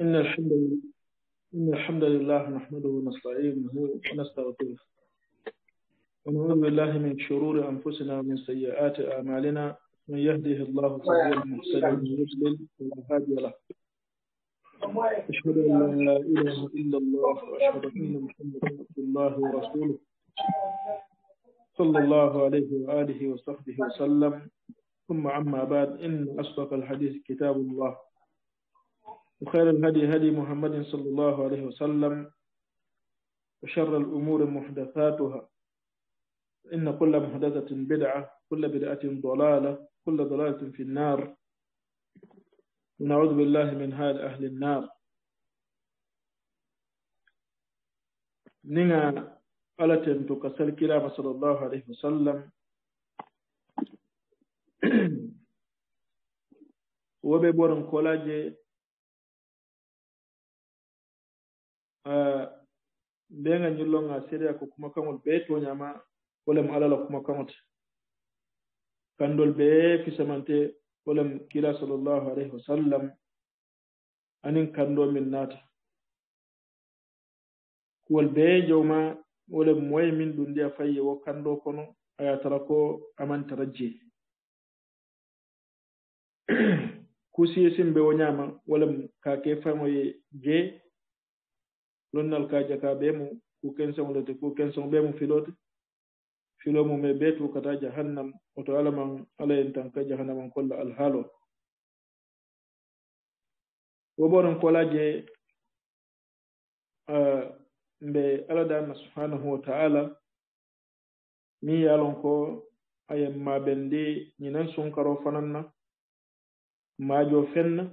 إن الحمد لله إن الحمد لله نحمده ونستعينه ونستغفره ونعوذ بالله من شرور أنفسنا ومن سيئات أعمالنا من يهده الله فهو المحسن ومن يضلل فلا هادي له أشهد أن لا إله إلا الله وأشهد أن محمدا عبد الله ورسوله صلى الله عليه وآله وصحبه وسلم ثم عما بعد إن أصدق الحديث كتاب الله وخير الهدي هدي محمد صلى الله عليه وسلم وشر الأمور محدثاتها إن كل محدثة بدعة كل بدعة ضلالة كل ضلالة في النار ونعوذ بالله من هذا أهل النار نينا ألتن تكسر كلام صلى الله عليه وسلم وبيبورن كولاجي mbeenga eh, njillolnga séria ko kuma kaŋol bee tooñaama wolem alala e kuma kaŋote kanndol bee fisamante wolem kila salllahu alayhi wa sallam aniŋ kanndoo min naata kuwol bee jowma wolem moye min ɗum ndiya fayye wo kanndoo kono a ye tara ko amantara jee kusiyesimbe wo ñaama wolem kaake faŋoye jee lonnal ka jaka be mu ku kenseŋolete ku kenseŋo be mu filote filo mu me betu kata jahannam oto alaman ala en tan ka jahannaman kolla halo wo ɓoɗon kolaje mbe aladama subhanahu wa ta'ala mi yalon ko ayen maɓen ndi ñinan sunkaro fananna na majo fenna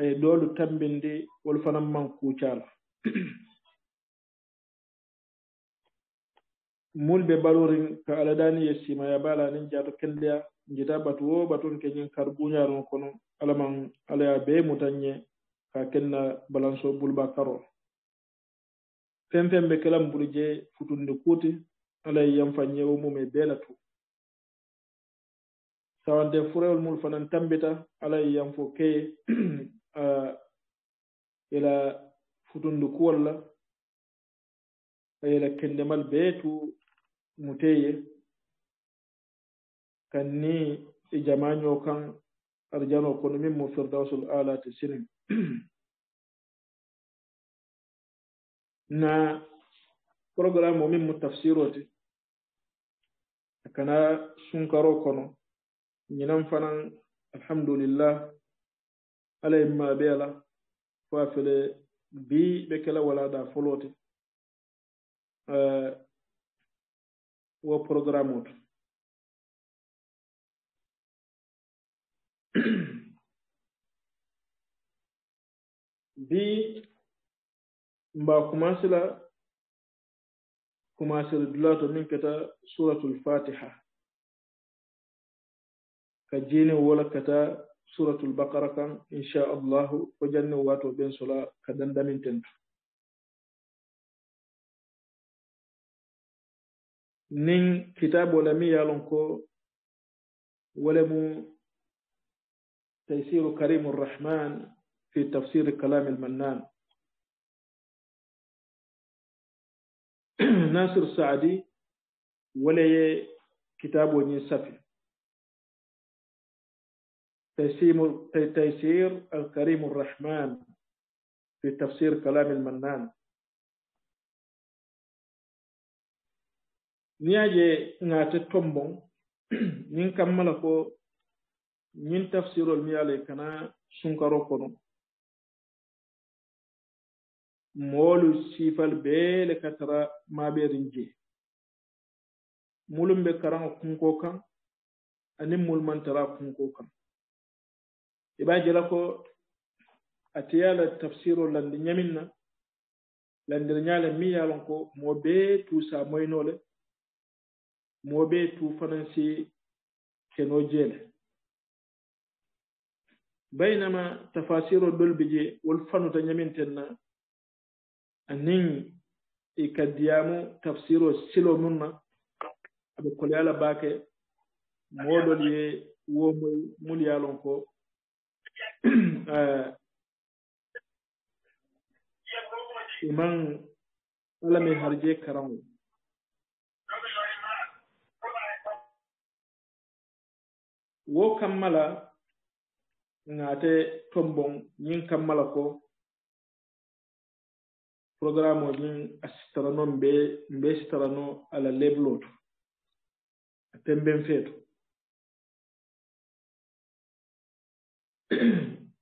ay e loolu tambinde wolu fana man kuucaala mun ɓe ɓalorin ko ala ɗani ye simaya baala nin jaato kelleya jita batu wo batun keñin kar buñaron kono alaman alaya be mutanñe ka kenna balanso bulba karo fen fen ɓe kelan burje futunde kuuti alay yamfanñe wo mum e beela to tawante furewol mul fanan tambita alay yamfo keye ila futundukuwol la ila kendemal bee tu muteye kanni e jamañoo kan arjanoo kono min mo firdausul ala te sinin na programme o min mo tafsirote te kana sunkaro kono ñinan fanan alhamdulillah ala ye maa be a la fo a fele kela wala da foloote eh, wo programme oto bi mba commencé la commencé dulaato min kata suratul fatiha ka jeni wala kata سوره البقره كان ان شاء الله وجن واتو بين صلاه كدن دمين تنت نين كتاب ولا مي ولم تيسير كريم الرحمن في تفسير كلام المنان ناصر السعدي ولي كتاب ني taysir alkarimu arrahman fi tafsir kalami almannan niyaaje ŋaate tombong ñin kamma la ko ñin tafsirol mi ala kana sunkaro kono moolu siifal beele ka tara maaɓeerin je mulum ɓe karaŋo kunko kan aniŋ mulu man tara kunko kan ɓaajira ko a tiyaala tafsire o lanndi ñaminna lanndire ñaale miyalon ko mo be tuusa moynoole mo be tuufanansi keno jeele baynama tafasire o dolbi je wol fanuta ñaminten na anin e kaddiyaamu tafsire o silo mum na aɓe kole ala baake mooɗol ye womoy mulyalon ko iman alamai harje karamu wo kammala ŋate tombon yin kammala ko programme o mgbe a sitarano mbe mbe sitarano ala lebulo to a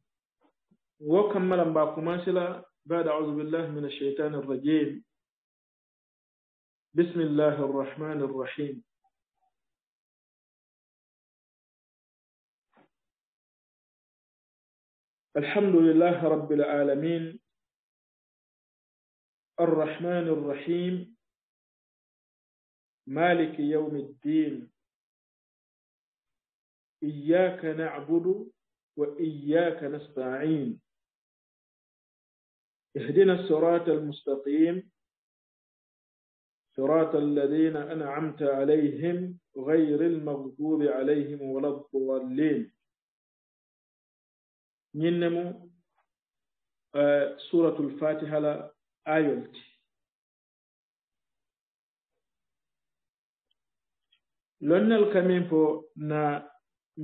وكمل باكماشلا بعد أعوذ بالله من الشيطان الرجيم بسم الله الرحمن الرحيم الحمد لله رب العالمين الرحمن الرحيم مالك يوم الدين إياك نعبد وإياك نستعين اهدنا الصراط المستقيم صراط الذين أنعمت عليهم غير المغضوب عليهم ولا الضالين ننمو آه، سورة الفاتحة لا آيولتي لن الكمين فو na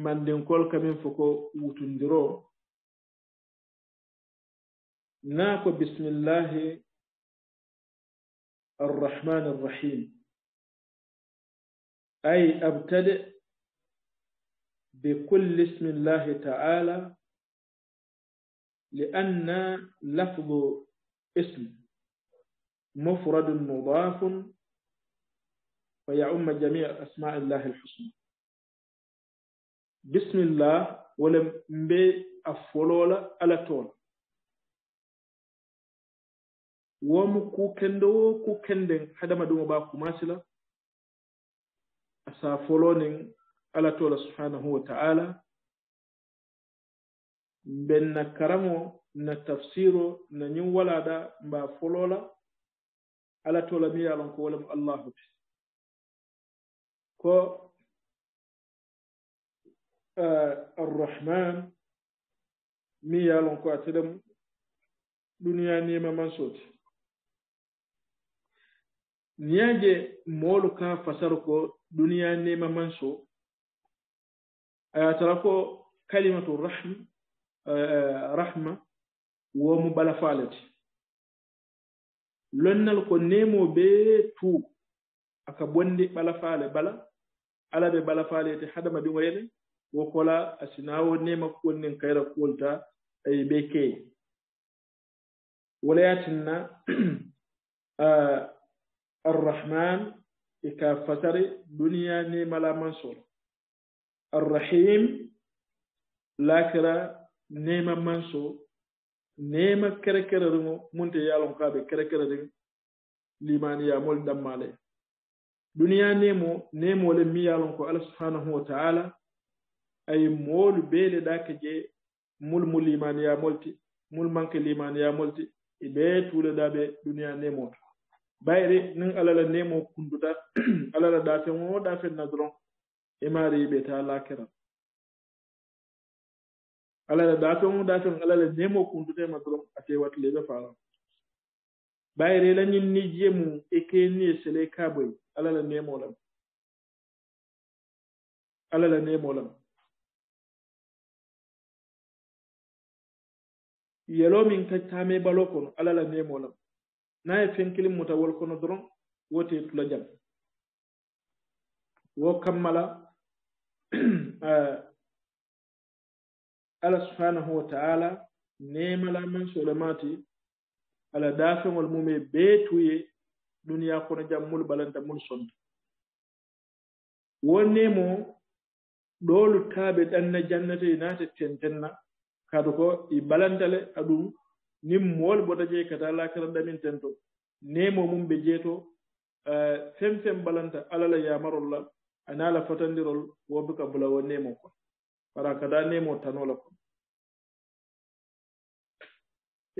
mandinkol kamin foko wutundiro naa ko bismillahi الرحمن الرحيم أي أبتدئ بكل اسم الله تعالى لأن لفظ اسم مفرد مضاف فيعم جميع أسماء الله الحسنى bisimillah wala mbe a folola ala toon womo kukende wo kukenden hadama ɗum o ɓa kumasila asa folonin ala tola subhanahu wa ta'ala mben na karamo na tafsiro na ñin walaɗa mba folola ala tola miyalon ko walamo allahu ti ko ar-rahman mi ya lon ko atidam duniya ni ma man soti niyaje moolu ka fasar ko duniya ma man so aya ko kalimatu rahim rahma womu bala falati lonnal ko nemo be tu aka bondi bala bala ala be bala te hadama ɗin wayne wo kola asinawo nema kuwonin kayra kuwolta ay ɓe keye a arrahman e ka fasare duniya nemalaman soro arrahim lakira neman manso nema kerekereriŋo munte ye lon ka be mul dan male duniya nemo nemo le mi ye lon ko alla subhanahu wa taala ayi moolu beele ɗake je mulmu liman ya molti mulmanke liman ya molti e ɓee tuuleɗaɓe duniya nemoto bayri nin alala nemo kunduɗa alala ɗafen wo ɗafenna doron e maari yiɓe ta lakiran alala ɗafen wo ɗafen alala nemo kundudema doron a fewat leɓe faran bayri lañin ni jiye mum e keni e sele kaboy alala nemolam alala nemolam yelo min kaccaame balo kono alala nemolam na e fenkilin mutawol kono doron wote tula jam wo kammala eh, ala subhanahu wa ta'ala nemalaman solemati ala dafeŋol mum e beetuye duniya kono jam mul balanta mul sonta wo nemo ɗolu taaɓe ɗanna jannata e naata tentenna kadu ko i ɓalantale aɗum nin mool botaje kata lakara ndamin ten to nemo mum ɓe jeeto fen eh, fen ɓalanta alala yamarolla anaala fatandirol wobe ka bula wo nemo ko wara kada nemo tanola ko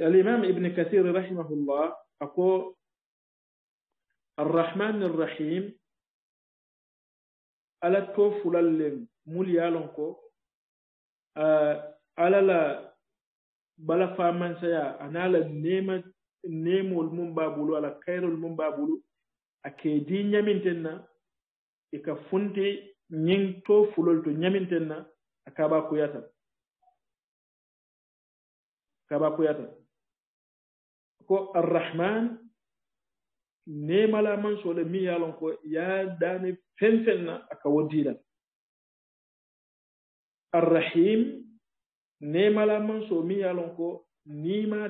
alimam ibne kathir rahimahullah ako arrahman irrahim alatto fulallen mulyalon ko ala la bala famansaya ana la nema nemol mum baabulu ala kayrol mum baabulu ake di ñaminten na e ka funti ñing to fulol to ñaminten na a kaaba kuyata kaaba kuyata ko arrahman nemalaman soola mi yalon ko ya dani fenfen na aka woddiilan arrahim Neema la manso mi ye a ko n'i ma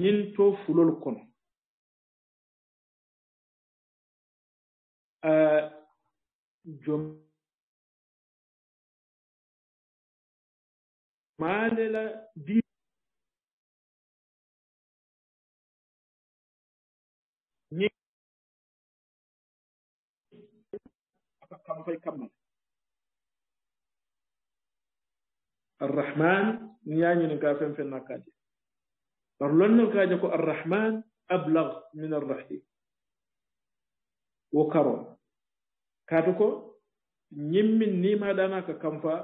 yin to fulol kono jom maale la di ni aka kam fay kammal arrahman ni yañino ga fen fen nakkaje bar lonnon kaje ko arrahman ablag min arrahim wo karo kaatu ko ñimmin nimaɗana ka kamfa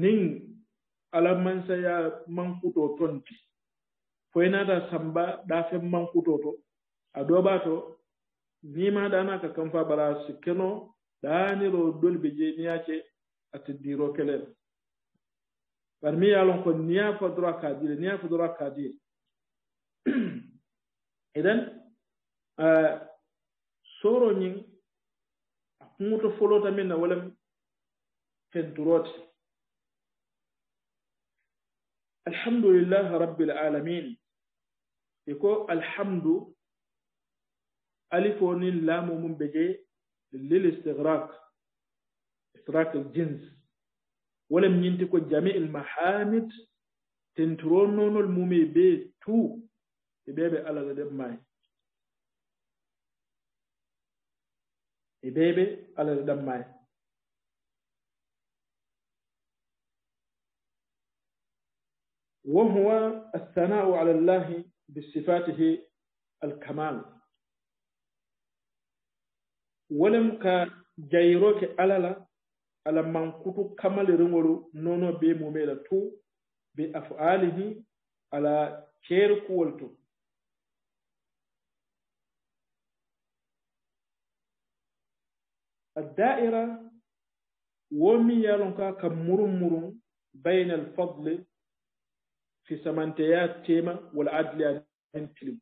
nin alamansaya manquto tonti foynaɗa samba ɗa fen manquto to a ɗoɓato mimaɗanaka kamfa bala so keno ɗaniro dolɓe je niyace a teddiro kelel par mi yalon ko niya fa droit kadire niya fa droit kadire eɗen soro ñin a kuto folotamin na walam fenturote alhamdulillah rabbil alamin e ko alhamdu alifo ni laamu mum ɓe je lil istigrak istigrak l jins walam ñinti ko jamii l mahamid tentironoonol mumi be tou e ɓeɓe alala ɗen maayi e ɓeɓe alala ɗan maayi wa howa alsanau ala llahi bi sifatihi alkamal walem ka jairo ke alala ala mankutu kamal nono be mumela tu be afalihi ala cer A to addaira womi yalonka ka murum murum bayna alfadli fi samanteya tema wal adli an tilim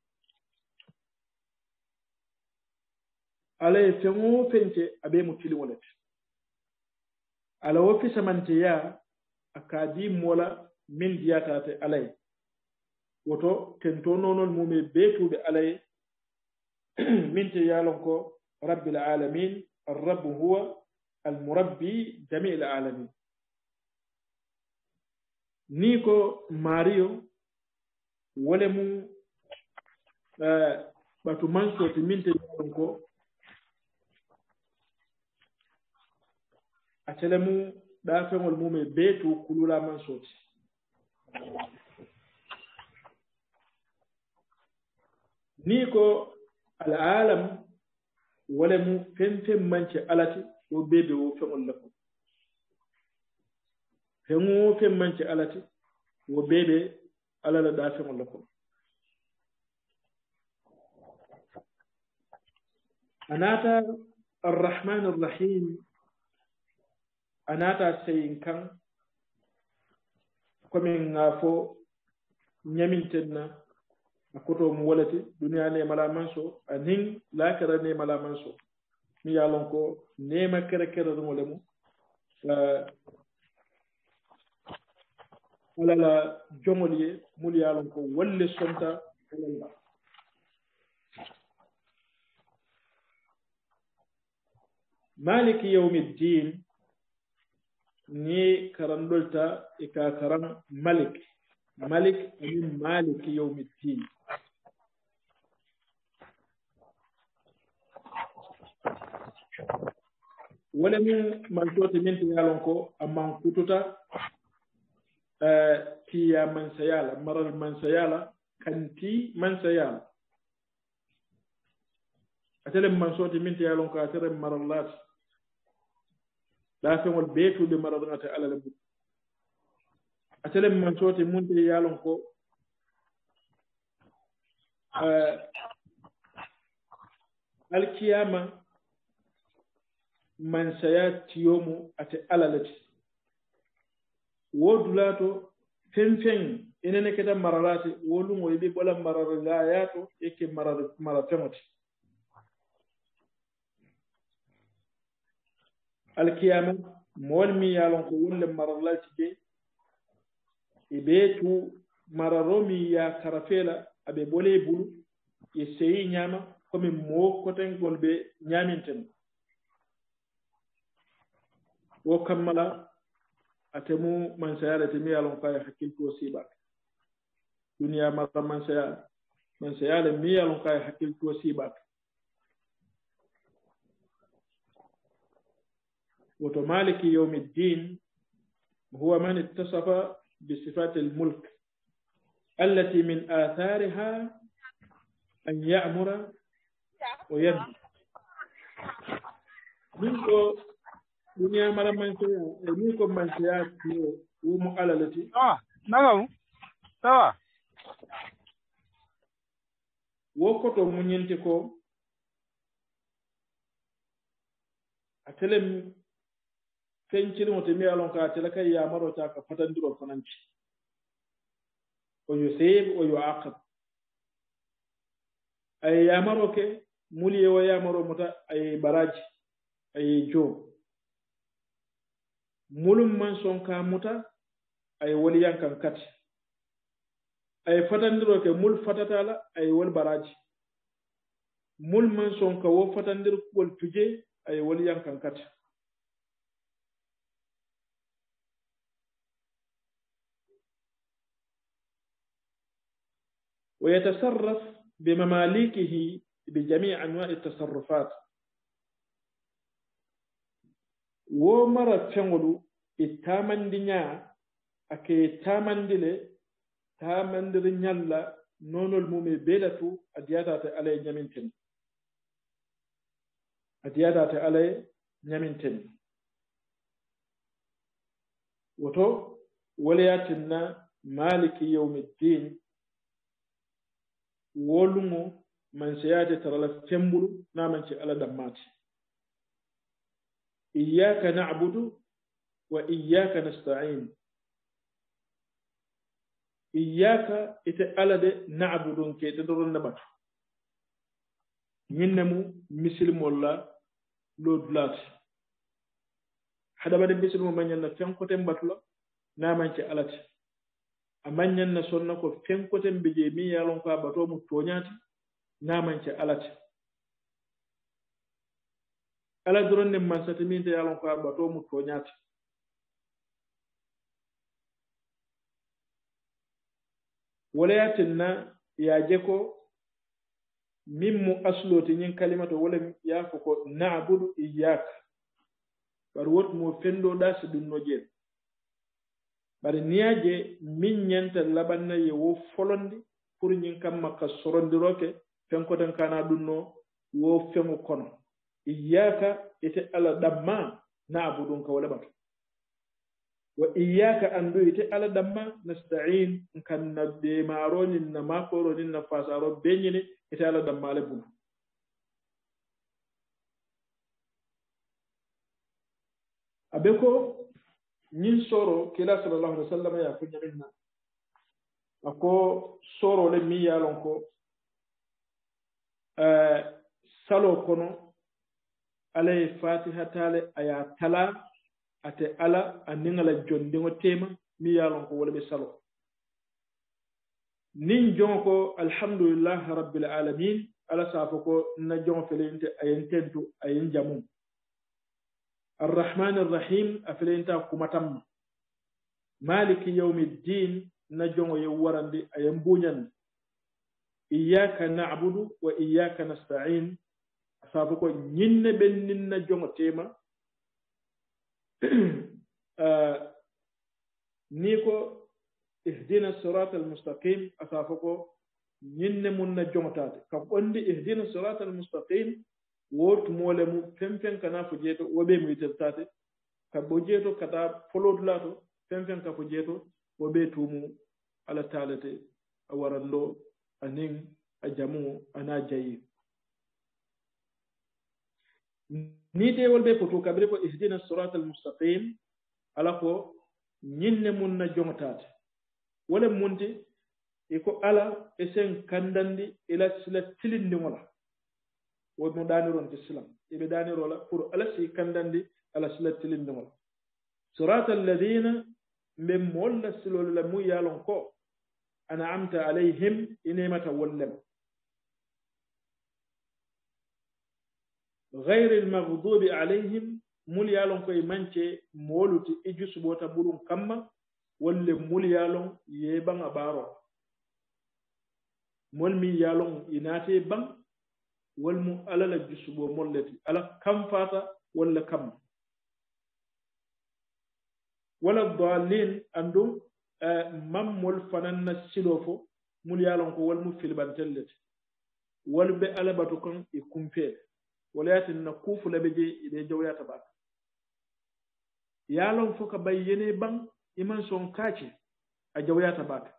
alaye feŋo feŋte a ɓe mo kili wolete ala wo fisamanteya a kaadi mola min diyatate alaye woto tento nonon mume be tuɓe alaye min te yalonko rabbil alamin arrabu huwa almurabbi jamil alamin ni ko mario wole mum ɓatu eh, manqueote min te yalonko atelemu da feŋol mu me betu kulula man soti. ni ko al'alam wala mu fenfen manke alati ko bebe wo feŋol la ko feŋo wo alati wo bebe alala da feŋol Anata Ar-Rahman ar rahim a naata seyin kan komin ga fo ñamintenna a koto mo wolete duniya nemalaman so anin lakira nemalaman so mi yalon ko nema kere kere ɗongole mo alala jomolye mulu yalon ko walle sonta alalla maliki yawmi ddin ni karan dolta ka karan malik malik amin malik yowmiddin wala min min to yalon ko amman kututa eh, tiya man sayala maral man sayala kanti man sayala atele man soti min to yalon ko maral marallat laasengol beetuuɓe maranata alala e mum acalemi man soote montiri e yaalon ko eh, alkiyama man sayatiyomu ate alalati e woodulaato fenfen enene kata mararaate wolungo yeɓi ɓola marara laayaato yekke marara feŋote alkiyama mool mi yalon ko wolle mararlati ɓe e ɓee tu mararo mi ya karafela aɓe bole e bulu e seyi ñaama komi mookotengol ɓe ñaaminten wo kammala atemu mansayala temi yalon ko ay hakkil to siiɓaɓe duniya mara mansaya mansayala mi yalon ko ay hakkil to woto maliki yawmi ddin huwa man ittasafa bisifati almulk allati min athariha an yamura o yadi min ko duniya mara mancoya e min ko mancoya tio wumo alalati awa nagam tawa wo koto muñinti ko a ken kiri mutum ya lon ka tila kai ya marota ka fatan duba fananci o yusib o aqab ay ya maro ke muli wa ya maro muta ay baraji ay jo mulum man son ka muta ay wali yankan kat ay duro ke mul fatata la ay wal baraji mul man son ka wo dir wal tuje ay wali yankan kat wa yatasarraf bi mamalikihi bi jamii anwai tasarrufat womara feŋolu e tamandi ña ake tamandi le tamandiri ñalla nonol mume belatu adiyatate alaye ñamintin adiyatate alaye ñamintin woto waleyatinna maliki yaumi ddin wolugo man seyaade tar ala fembuɗo naman se ala dammaate iyaka nabudu wa iyaka nastain iyaka ite ala de nabudun ke ɗeɗoronde batu ñinne mu misilmolla lo dulaate haɗa waɗe misilmo mañalna fenkoten batula naman ce alate a mañanna sonna ko fenkoten mbi jee min yaalon ko a batomo tooñaate naamance alate ala doron nde mansata min de yaalon ko a batomo tooñaate walayatenna yaaje ko min mo asloote ñin kalima to wala yaako ko naabudu iyaka bar wot mo fenndoɗa so ɗum no jeen bare niyaaje min ñenten laɓannayye wo folonde pour ñin kamma ka sorondiroke fenkoten kana ɗumno wo fengo kono iyyaka ite allah ɗamma na abu ɗum kawo laɓato wa iyyaka anndu ite allah ɗamma nastain kanna demaaro nin na makoro nin na fasaro beñini ite allah ɗamma le bulu a ɓe ko min soro kila sallallahu alih wa sallam ya ko ñaminna ako soro le min yalon ko eh, salo kono alaye fatiha tale aya tala ate ala a niŋala jondiŋo tema min yalon ko wole ɓe salo niŋ joŋo ko alhamdulillahi rabbil alamin ala saafo ko nna joŋo felente ayen tentu ayen jamum الرحمن الرحيم أفلينتا كمتم مالك يوم الدين نجون يورن دي أيمبونين إياك نعبد وإياك نستعين أصابكو نين بن نين نجون تيما نيكو اهدنا الصراط المستقيم أصابكو نين من na تاتي kam اهدنا الصراط المستقيم wortu moole mum fenfen kana ko jeeto woɓe muytestate kamɓe jeeto kata folotula to fenfen ka ko jeeto woɓe tumu ala taalete a warando anin a jamu ana jayi ni deewol ɓe poto kaɓre ko ihdina sirat al mustaqim ala ko ñinne mum na jomataate wole munde eko ala e sen kanndandi ela sila tilindimola womo ɗanironti silam eɓe la pour ala si kandandi ala sila tilindiŋol sirata alladina mben moolu la silolu la muŋ ye a lon ko anamta alayhim i nemata wollema gayri almagdubi alayhim mulu ye a lon ko i mance moolu ti i jusubota ɓurun kamma walle mulu ye a lon yebaŋa baaro mol miŋ ye a lon i walmu alala jusuɓo mollete ala kam fata walla kam wala dalin anndum e, mammol fananna silo fo mul yalon ko walmu filbantellete walɓe alabatu kon e kumpeede wala yatinna kuufulaɓe je ɗe jawyata ɓaka yalon fo ka bay yene ban iman son kaace a jawyata ɓaka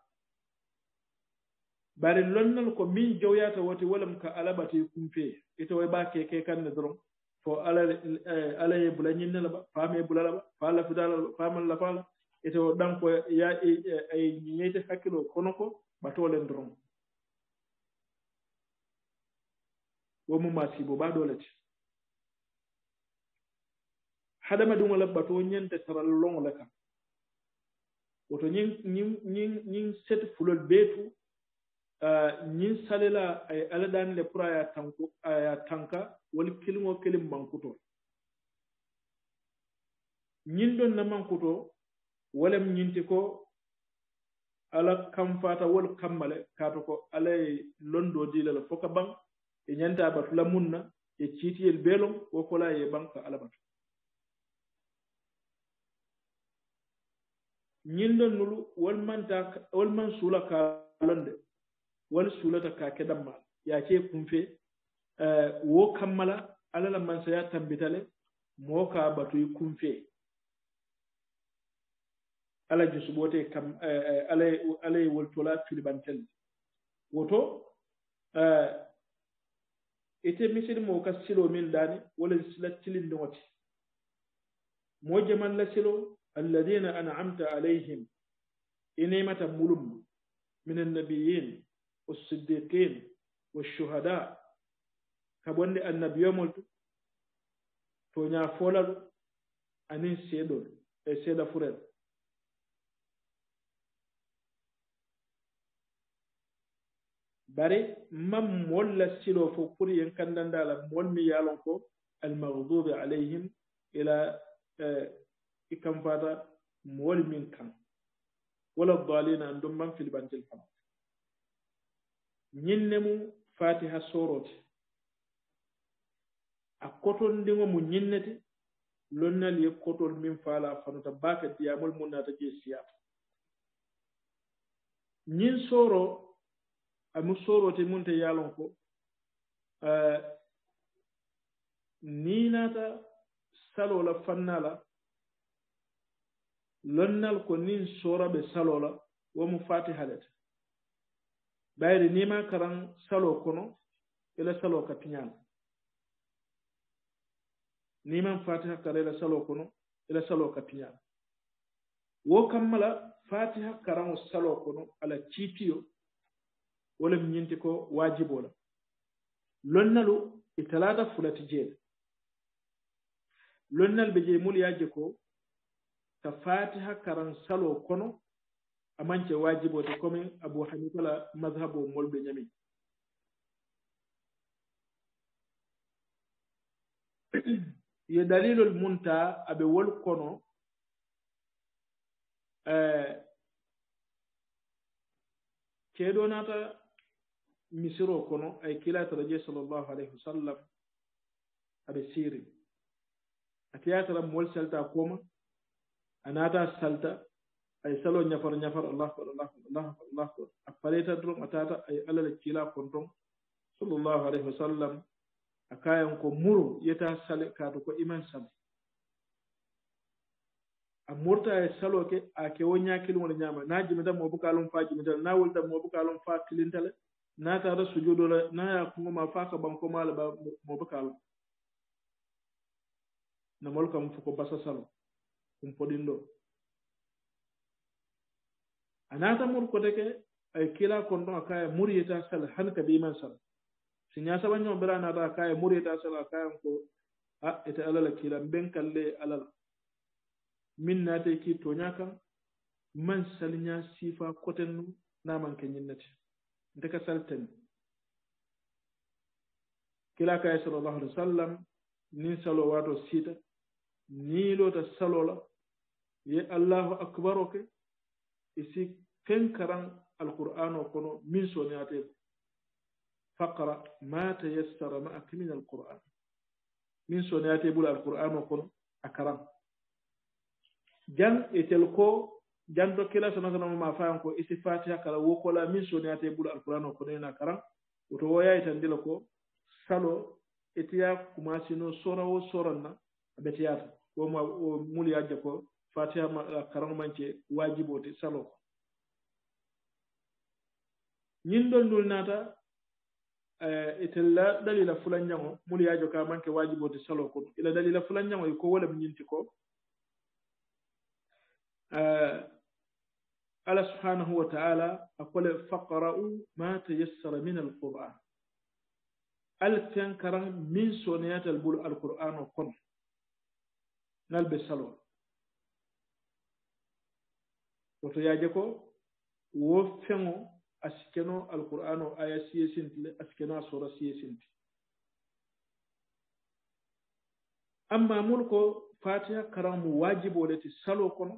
bare lonnal ko min jowyata woti walam ko alaɓate kumpee ito wa ɓaa keke kanne dron fo alaye eh, bula ñinnela ɓa faame bulala ɓa faala fidalala ɓa faamalla faala ito ɗanko ya eh, eh, ay ñeyte hakkilo kono ko batoolen dron wo mumasibo ɓa ɗolete haɗama ɗum wala bato ñande taral longole kam woto ñin ñin ñin ñin set fulol beetou ñiŋ salela a ye ala daani le pour a ye tanko a ye tanka wali kiliŋo kiliŋ mankuto ñiŋ doŋ na mankuto walem ñinti ko ala kanfaata wolu kamma le kaatu ko ala ye londoo dii la le fo ka baŋ ì e ñanta a batu la muŋ na ì e ciitiyel bee loŋ wo kola ye baŋ ka ala batu ñiŋ doŋ nulu wolu maŋ taa wolu maŋ suu la kaa londe wala suulata ka keɗan ma yaake kunfe eh, wo kammala alala mansaya tambitale moo ka batuyi kunfe ala jusuɓote kam eh, eh, alaye woltola filibantelle woto ite misiri mo ka silo min dani wala sila tilindiŋoti mo jaman la silo alladina anamta alayhim inimata mulum minannabiyine والصديقين والشهداء kabonde annabiyomol to toña folaɗo anin seeɗol e seeɗa furel bare man molla silo fo pour yen kandandala molmi yalon ko almagdubi alayhim ila i kam fata mool min kan wala dalina an ɗum man filbantil fam ñinne mum fatiha sorote a koton ndigo mo ñinnete lonnal ye kotol min faala fanuta baaka diyamol mu naata jee siyata ñin sooro amu soorote mun te yaalon ko eh, ni naata salola fannala lonnal ko nin sooraɓe salola womo fatiha lete ɓayde nima karan salo kono ila salo ka piñal niman fatiha kara ila salo kono ila salo ka piñal wo kammala fatiha karano salo kono ala ciipiyo wala mi ñinti ko wajibo la lonnalu e talata fulati jeeɗa lonnal ɓe jeemulyaji ko ta fatiha karan salo kono amañce wajibo te comme abou hanifa la mashabo molɓe ñami yo dalilol munta aɓe wol kono eh, ceeɗo nata misiro kono ay kilata radio sall llahu alayhi wa sallam aɓe siiri a tiyatara mowol salta koma a naata salta ay salo ñafar ñafar allah koɗo allah koɗo allah koɗo allah koɗo a paleta toon a tata ay alal kiila kon toon sallllahu aleyhi wa sallam a kayan ko muro yiyata sale kaato ko iman sale a murta e saloke a kewo ñakilingole ñaama na jimi tan mo bukalum fa jimitale na woli tan mo bukalum fa kilintale na tata sujudola na ya kungo ma fa ko ɓanko maale ɓa mo bukalum namol kam foko basa salo ɗum poɗinɗo a naata mur ko deke a kila kon ɗon a kaya muryita sal han ka ɓe iman sal si ñasabañoo mbira naata a kaya muryita sal a kayan ko a ete alala kila mben kalle alala min naate ki toña kan man sal ña siifa kotennu naman ke ñinnati nte ka salten kila kaye salallahu alih wa sallam nin salo waato siita niilota salo la ye allahu akbar o ke isi ken karan alqur'ano kono min soniyate faqra ma tayassara ma'ak min alqur'an min soniyate bula alqur'ano kono a karan jan etel ko jan do kila sana sana ma fayan ko isi e fatiha kala wokola min soniyate bula alqur'ano kono ena karan woto woyayi tan dila ko salo itiya kumasino sora wo soranna abetiyata woma o muliyaje ko fatiha karaŋo maŋ ke waajibo ti saloo ñinndol ndul naata etela e dalila fulanñango muliyaajo ka manke waajibode salo kon ila dalila fulanñango yko e wolem ñinti ko e, allah subhanahu wa taala a kole faqra'u ma tayassara min alquran alten karan min soneyatal ɓol alquran o kon nal ɓe salo woto yaaje ko wo feŋo askeno alqur'ano aya siyesinti le askeno asora siyesinti amma mun ko fatiha karamu wajiboleti salo kono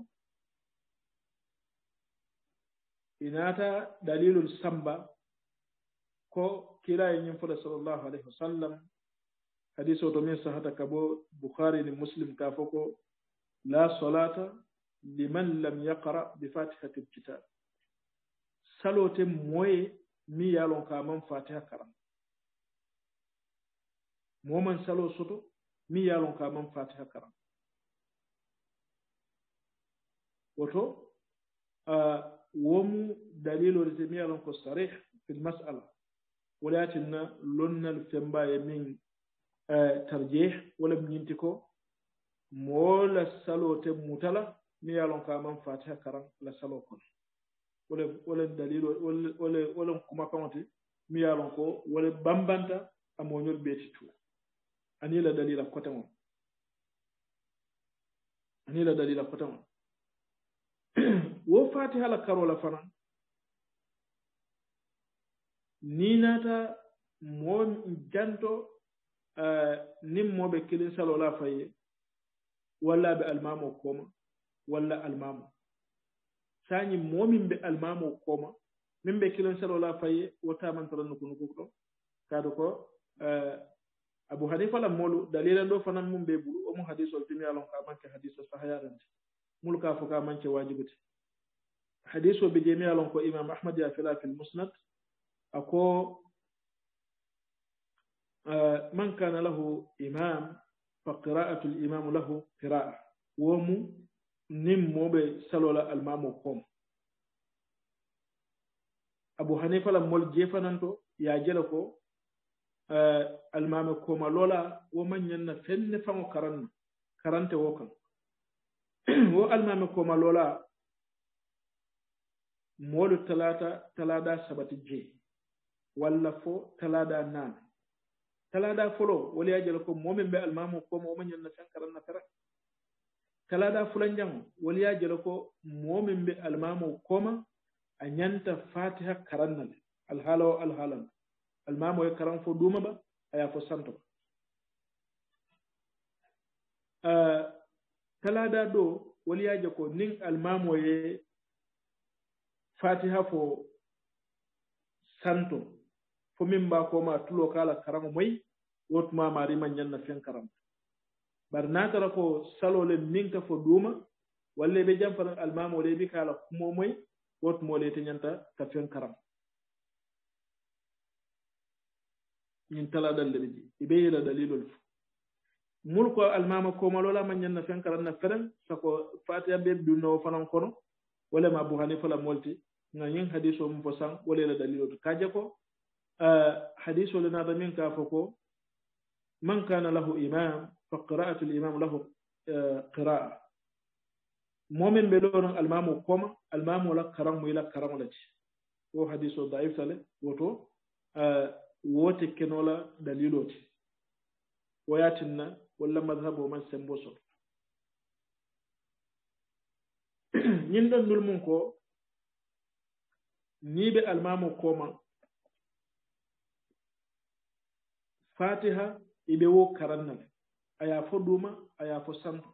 inata dalilul samba ko kiraye yin yin fada sallallahu wa sallam hadis o to min sahata kabo bukhari ni muslim ka foko la salata liman lam yaqra bi fatihati lkitab salote moye mi ye lon ka man fatiha karam mo man salo soto mi ye lon ka man fatiha karam woto uh, womu dalilol te mi ye lon ko sarih fi masala walatinna lonnal fembaye min uh, tarjih wala mi ñinti ko moo la salote mutala mi ye lon ka man fatiha karam la salo kono wole wolen dalil wole wolen kuma pamati miyalon ko wole bambanta amoñol ɓeeti tuwa anila dalila kote on anila dalila kote on wo fati hala karola fana ninata mo janto uh, nin moɓe kilin salola faye walla ɓe almamo koma walla almamo saañi momin ɓe almamo kooma min ɓe kilon salola faye wottamantaranno ko nokuko ɗon kaadu ko eh, abou hanifa lam molu dalilan ɗo fanan mum ɓe ɓuru omo hadis ol timi alon ka manke hadis o sahayarante mulka fo ka manke wajibute hadis o ɓe jemi alon ko imam ahmad ya filafil musnat ako eh, man kana lahu imam fa qira'atu l'imamu lahu qira'a womum nin moɓe salola almamo kom abu hanifa la mol jefananto ya jela ko uh, almame koma lola wo manñanna fenne fango karanna karante wo kan wo almame koma lola moolu talata talada sabati je walla fo talada naane talada folo woli ya jela ko momin ɓe almamo koma wo manñanna fen karanna fera kala aɗa fulanjango woliya jelo ko momin mbe almamo koma a ñanta fatiha karannale alhaala o alhaalan almamo e karan fo ɗumaɓa aya fo santoɓa uh, kala aɗa ɗo woliyaje ko nin almamo ye fatiha fo santo fo min mba koma tulo kala karan moyi wotuma marima ñanna fen karanta bar natara ko salole minka fo ɗuma walla ɓe jamfata almamo le ɓi kala kumomoy wotumo le teñanta ka fen karam min tala ɗalle ɓe ji eɓe yila dalilol fo mulko almama komalola mañanna fen karam na feren sako fatiyaɓe ɗunnowo fanan kono walema abou hanifala molti ga yin hadise omum fo san wala yila dalilol to kaje ko ah, hadise ole nata min ka fo ko man kana lahu imam fa qira'atu limamu lahu eh, qira'a momin ɓe ɗoo noon almamu koma almamu wala karan mu yila karamo laji o hadis o daif tale woto eh, woote kenola daliloti woyatinna walla madhabu man sembo soto ñin ɗon ndul mum ko nii ɓe almamu koma fatiha eɓe wo karannale aya fo ɗuma aya fo santu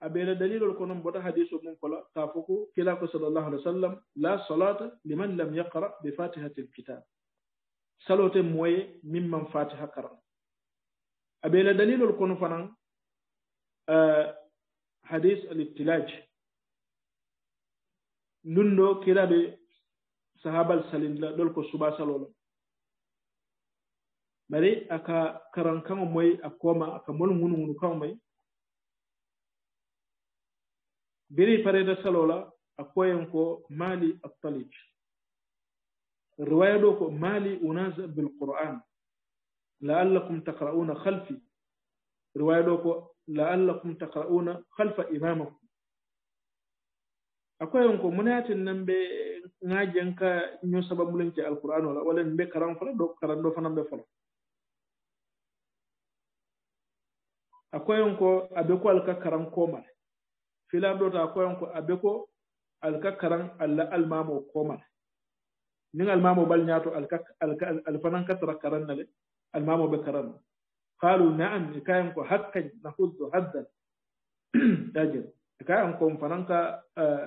aɓeena dalilol ko noon mboɗa hadis o mum kola taw fo ko kilako sallllahu alih w sallam la solata liman lam yaqra be fatihati l kitab salote moye mimman fatiha kara aɓeena dalilol kono fanan eh, hadis al ibtilaje ndun ɗo kiraɓe sahabal salinla ɗol ko suba salola a aka karan kama a koma aka mol mun ngunu kama mai. biri fare da salola akoyen ko mali at-talib riwaya do ko mali unaz bil qur'an la'allakum taqra'una khalfi riwaya do ko la'allakum taqra'una khalfa imamakum akoyen ko munatin nan be ngajen ka nyo sababu len ci al-qur'an wala wala be karam fara do karam do fanam be fara Akwai ko abe ko alka komar filan dota akwai ko abe ko alka karan alla almamo komar nin almamo bal nyato alka alfanan kasra karan nale almamo be karan qalu na'am kayan ko hakkan nahuddu hadda tajir kayan ko fanan ka eh,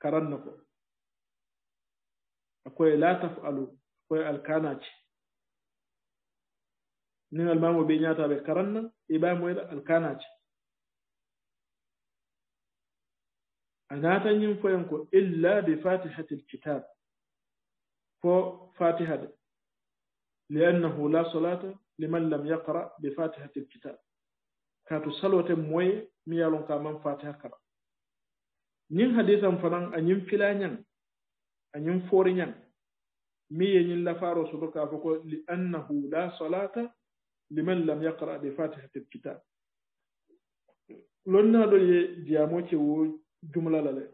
karan nako akwai la taf'alu akwai alkana ce nin almamo be nyata be karan nan ibaya moyɗo alkanaji a natanñin foyen ko illa bi fatihati lkitab fo fatiha de li annahu la solata liman lam yaqra bi fatihati lkitab kaatu saloten moye mi yalon ka man fatiha kara ñin hadisan fanan a ñin fila ñang a ñin foori ñang mi ye ñin lafaaro sodo ka fo ko li annahu la solata li man lam yaqra bi fatihati lkitab lonnaɗo ye jiyamo cewo jumlalale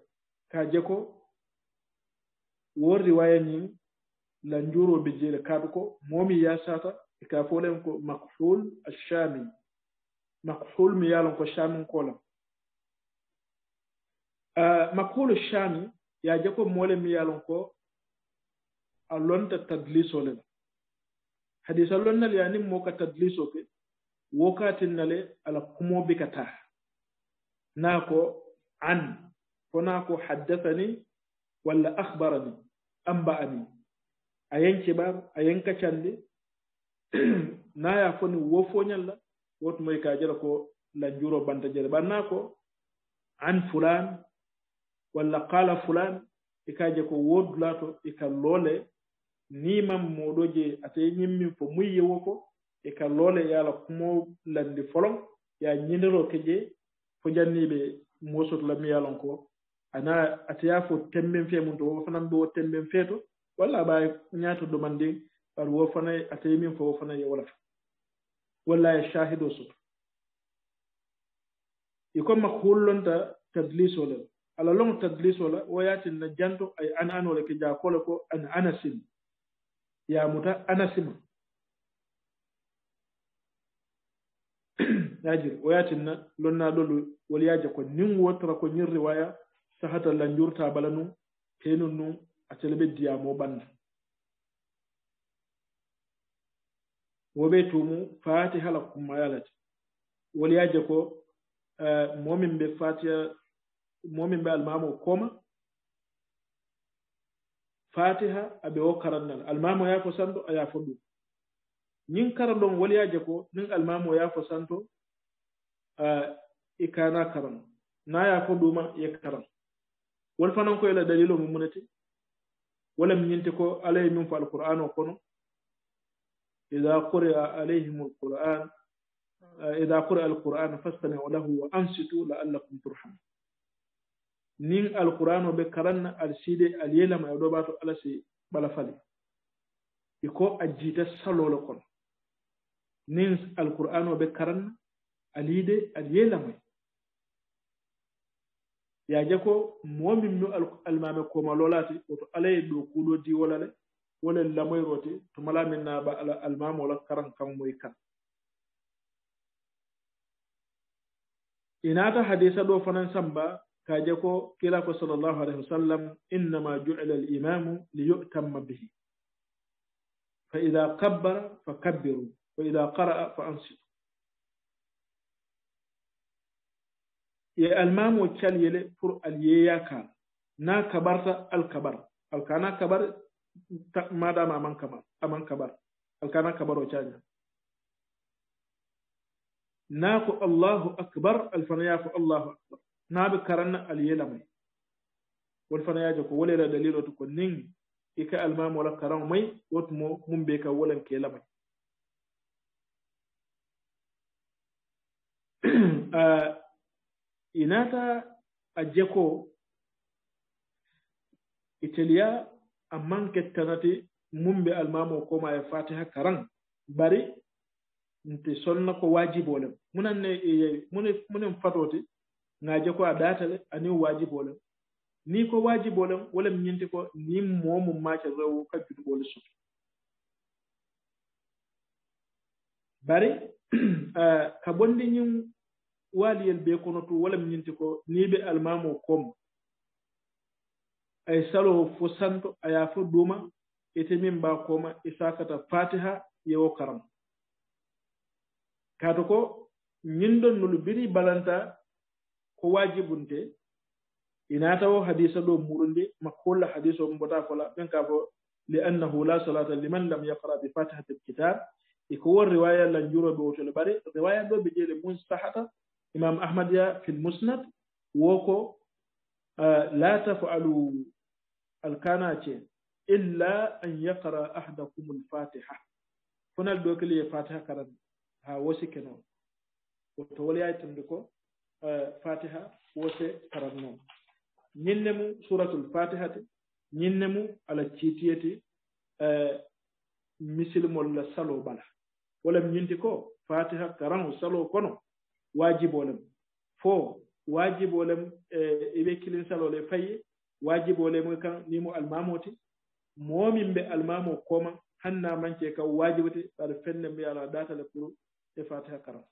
ka jeko wor riwaya ñin lanjuro be jeele kaɓe ko momi yasata e ka folen ko makhul alchami makhul mi yalon ko chamin kolam makhul chami ya jeko molen mi yalon ko a lonta tadlisolela hadis allon nale yanin moka tadliso ke wokatin nale ala kumobikata nako an konako haddathani walla ahbarani ambaani a yen keɓar a yen kacandi naya foni wofoñalla wotumoy ka jara ko lanjuro banta jare ɓar nako an fulan walla qala fulan e kaje ko wodulato e ka loole niimam muɗo je ata ñimmin fo muy yewo ko e ka loole yo ala kumoo lanndi folon ya ñindiroo keƴe fo janniiɓe mosotola miyalon ko ana ataya fo tembin fee mum to wo fanan ɓe wo tembin fee to walla a ɓaawi ñaato duman ndin ɓaɗ wo fana atayimin fo wo fana ye wolata walla e cahido soto e comme mak hullonta tadlisolel ala longo tadlisola wo yaatinna janto ay an anole ke jaakolo ko an ana sinni yamuta anasima yajir oyatinna lonnaɗol wol yaja ko nin wotora ko nin riwaya sahatalla jurta bala nun henun nun acelebe diyamo ɓanda woɓe tumu fatiha la kummayalati wol yaje ko eh, momin ɓe fatiha momin ɓe almamo koma fatiha aɓe wo karannal almamo yafo santo a yafo ɗum ñin kara ɗon woliyaje ko nin almamo yafo santo i kana karan na yafo ɗuma ye karan won fanan ko yela dalilo mum munete wala mi ñinti ko ala min fo alqur'an o kono ida quri'a alayhim alqur'an ida quri'a alqur'an fastami'u lahu wa ansitu la'allakum turhamun nin alquran o ɓe karanna alsiide alyelama e ɗoɓa to alasi e ɓala fali iko e a jiita salolo kon nin alquran o ɓe karanna aliide alyelamay yaja ko momin mi almame koma lolati oto alay ɗo kuulo diwolale wole lamoyrote to malamin naɓa ala almamola karan kan moy kan inata hadisa ɗo fanan samba كاجكو كلاك صلى الله عليه وسلم إنما جعل الإمام ليؤتم به فإذا قبر فكبروا وإذا قرأ فأنصتوا يا المام وشال يلي فر اليا نا كبرت الكبر الكانا كبر ما دام أمان كبر أمان كبر الكانا كبر وشال ناكو الله أكبر الفنيا الله أكبر naaɓe karanna alyela may won fana yaajo ko wolela dalil oto ko nin ika e almami wala karan may wotumo mum ɓe ka wolankela may inata e a jeko iteliya e a manketanati mum ɓe almami o koma e fatiha karan bari nte sonna ko wajibolem munanne munen fatoti ngaje ko a datale anin wajibolem ni ko wajibolem wala mi ñinti ko ni momum maca rewo kajjudu ɓole soto bari eh, ka bonndi ñin waliyel be kono to wala mi ñinti ko ni ɓe almamo kom ay saloo fo santo aya fo duma ete min mba koma isakata fatiha yewo karam kaato ko ñin ɗon nolu biri balanta ko wajibunte inata o hadisa do murunde makko holla hadisa o mbota kola ben ka bo li annahu la salata liman lam yaqra bi fatihati lkitab e ko won riwaya la lanjuroɓe o tole bare riwaya ɗo ɓe ƴeele mustahata imam ahmad ya fi lmusnad woko la tafalu alkanace illa an yaqra ahdakum lfatiha fonal do kali e fatiha karan ha wosi keno to wali tan ko fatiha wose karat noon ñinne mu suratul fatihate ñinne mu ala ciitiyeti misilmol la salo ɓala wolem ñinti ko fatiha karano salo kono waajiboole mu fo waajiboole mu e ɓe kilin salole fayi waajiboole mu kan nimo almamoti momin ɓe almamo koma hanna manke kam waajibate ɓaɗa fenne mbiyala datale pour e fatiha karano